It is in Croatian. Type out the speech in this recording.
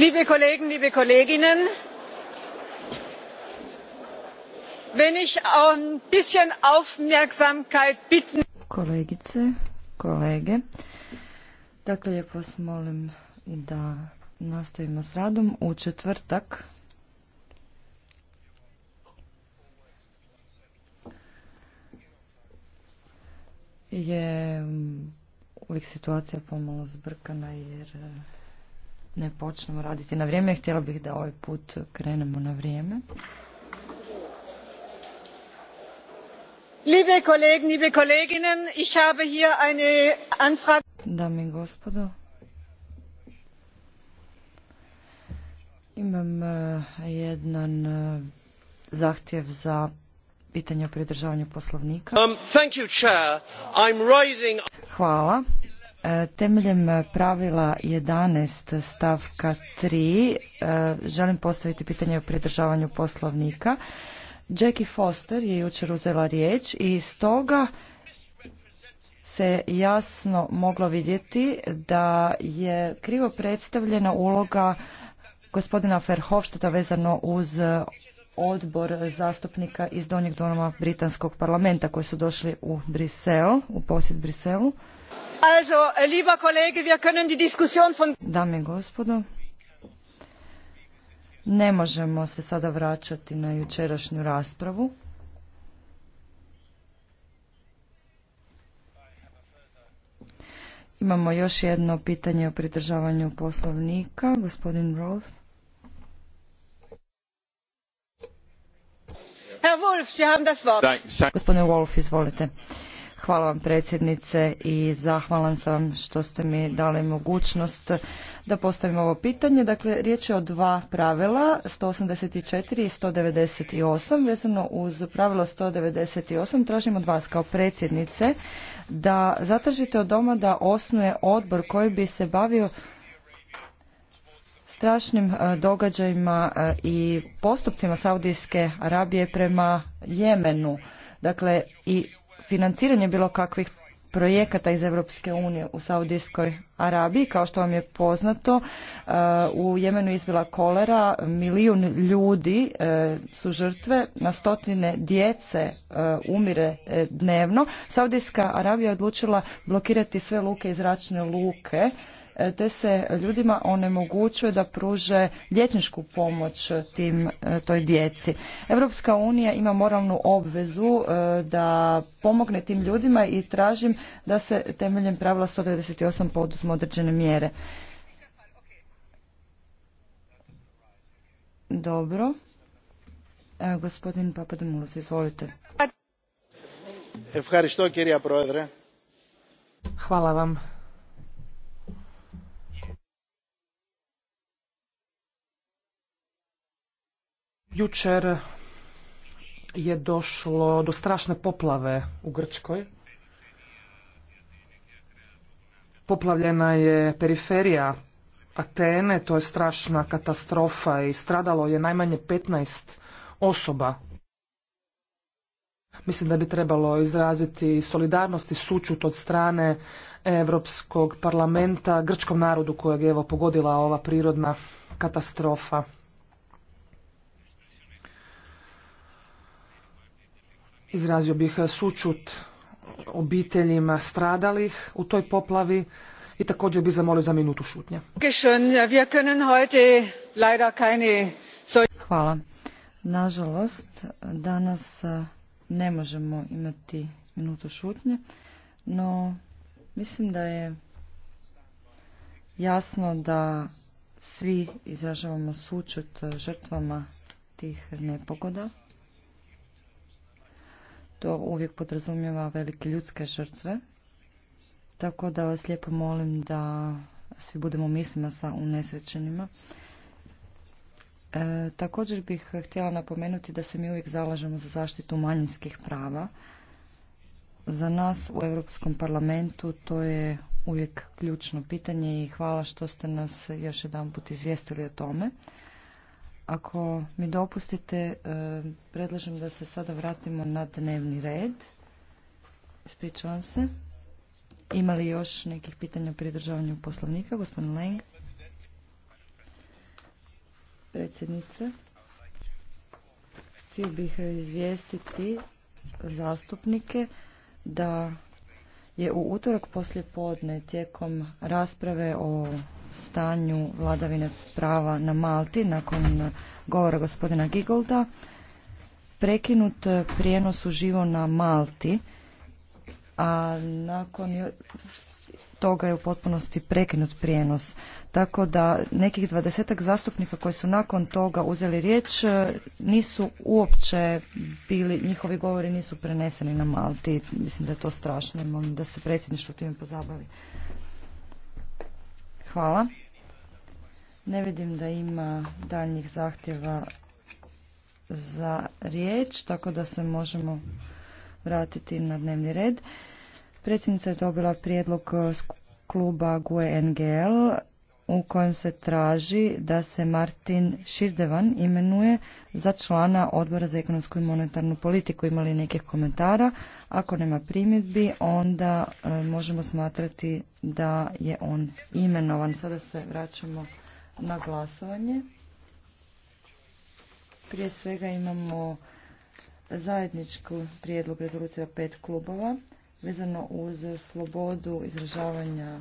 liebe kollegen liebe kolleginnen wenn ich ein bisschen aufmerksamkeit bitten kolegice kolege dakle lijepo vas molim da nastavimo s radom u četvrtak je uvijek situacija pomalo zbrkana jer ne počnemo raditi na vrijeme. Htjela bih da ovaj put krenemo na vrijeme. Liebe Kollegen, liebe Kolleginnen, ich habe hier eine Anfrage. Dame i gospodo, imam e, jedan e, zahtjev za pitanje o pridržavanju poslovnika. Um, Hvala. E, temeljem pravila 11 stavka 3 e, želim postaviti pitanje o pridržavanju poslovnika. Jackie Foster je jučer uzela riječ i stoga se jasno moglo vidjeti da je krivo predstavljena uloga gospodina Verhofstadta vezano uz odbor zastupnika iz Donjeg doma Britanskog parlamenta koji su došli u Brisel, u posjet Briselu. Dame i gospodo, ne možemo se sada vraćati na jučerašnju raspravu. Imamo još jedno pitanje o pridržavanju poslovnika. Gospodin Roth. Gospodine Wolf, izvolite. Hvala vam predsjednice i zahvalan sam vam što ste mi dali mogućnost da postavim ovo pitanje. Dakle, riječ je o dva pravila, 184 i 198. Vezano uz pravilo 198 tražim od vas kao predsjednice da zatražite od doma da osnuje odbor koji bi se bavio strašnim e, događajima e, i postupcima Saudijske Arabije prema Jemenu. Dakle, i financiranje bilo kakvih projekata iz Europske unije u Saudijskoj Arabiji. Kao što vam je poznato, e, u Jemenu izbila kolera, milijun ljudi su žrtve, na stotine djece umire dnevno. Saudijska Arabija odlučila blokirati sve luke i zračne luke te se ljudima onemogućuje da pruže liječničku pomoć tim e, toj djeci. Europska unija ima moralnu obvezu e, da pomogne tim ljudima i tražim da se temeljem pravila 198 poduzmu određene mjere. Dobro. E, gospodin Papadimulus, izvolite. Hvala vam, Jučer je došlo do strašne poplave u Grčkoj. Poplavljena je periferija Atene, to je strašna katastrofa i stradalo je najmanje 15 osoba. Mislim da bi trebalo izraziti solidarnost i sučut od strane Europskog parlamenta grčkom narodu kojeg je evo pogodila ova prirodna katastrofa. Izrazio bih e, sučut obiteljima stradalih u toj poplavi i također bih zamolio za minutu šutnje. Hvala. Nažalost, danas e, ne možemo imati minutu šutnje, no mislim da je jasno da svi izražavamo sučut žrtvama tih nepogoda to uvijek podrazumijeva velike ljudske žrtve. Tako da vas lijepo molim da svi budemo mislima sa unesrećenima. E, također bih htjela napomenuti da se mi uvijek zalažemo za zaštitu manjinskih prava. Za nas u Europskom parlamentu to je uvijek ključno pitanje i hvala što ste nas još jedan put izvijestili o tome. Ako mi dopustite, e, predlažem da se sada vratimo na dnevni red. Ispričavam se. Ima li još nekih pitanja o pridržavanju poslovnika? Gospodin Leng. Predsjednice. Htio bih izvijestiti zastupnike da je u utorak poslje podne tijekom rasprave o stanju vladavine prava na Malti nakon govora gospodina Gigolda prekinut prijenos uživo na Malti a nakon toga je u potpunosti prekinut prijenos. Tako da nekih dvadesetak zastupnika koji su nakon toga uzeli riječ e, nisu uopće bili, njihovi govori nisu preneseni na Malti. Mislim da je to strašno da se predsjedništvo time pozabavi. Hvala. Ne vidim da ima daljnjih zahtjeva za riječ, tako da se možemo vratiti na dnevni red. Predsjednica je dobila prijedlog eh, kluba GUE NGL u kojem se traži da se Martin Širdevan imenuje za člana Odbora za ekonomsku i monetarnu politiku. Imali nekih komentara? Ako nema primjedbi, onda e, možemo smatrati da je on imenovan. Sada se vraćamo na glasovanje. Prije svega imamo zajedničku prijedlog rezolucija pet klubova vezano uz slobodu izražavanja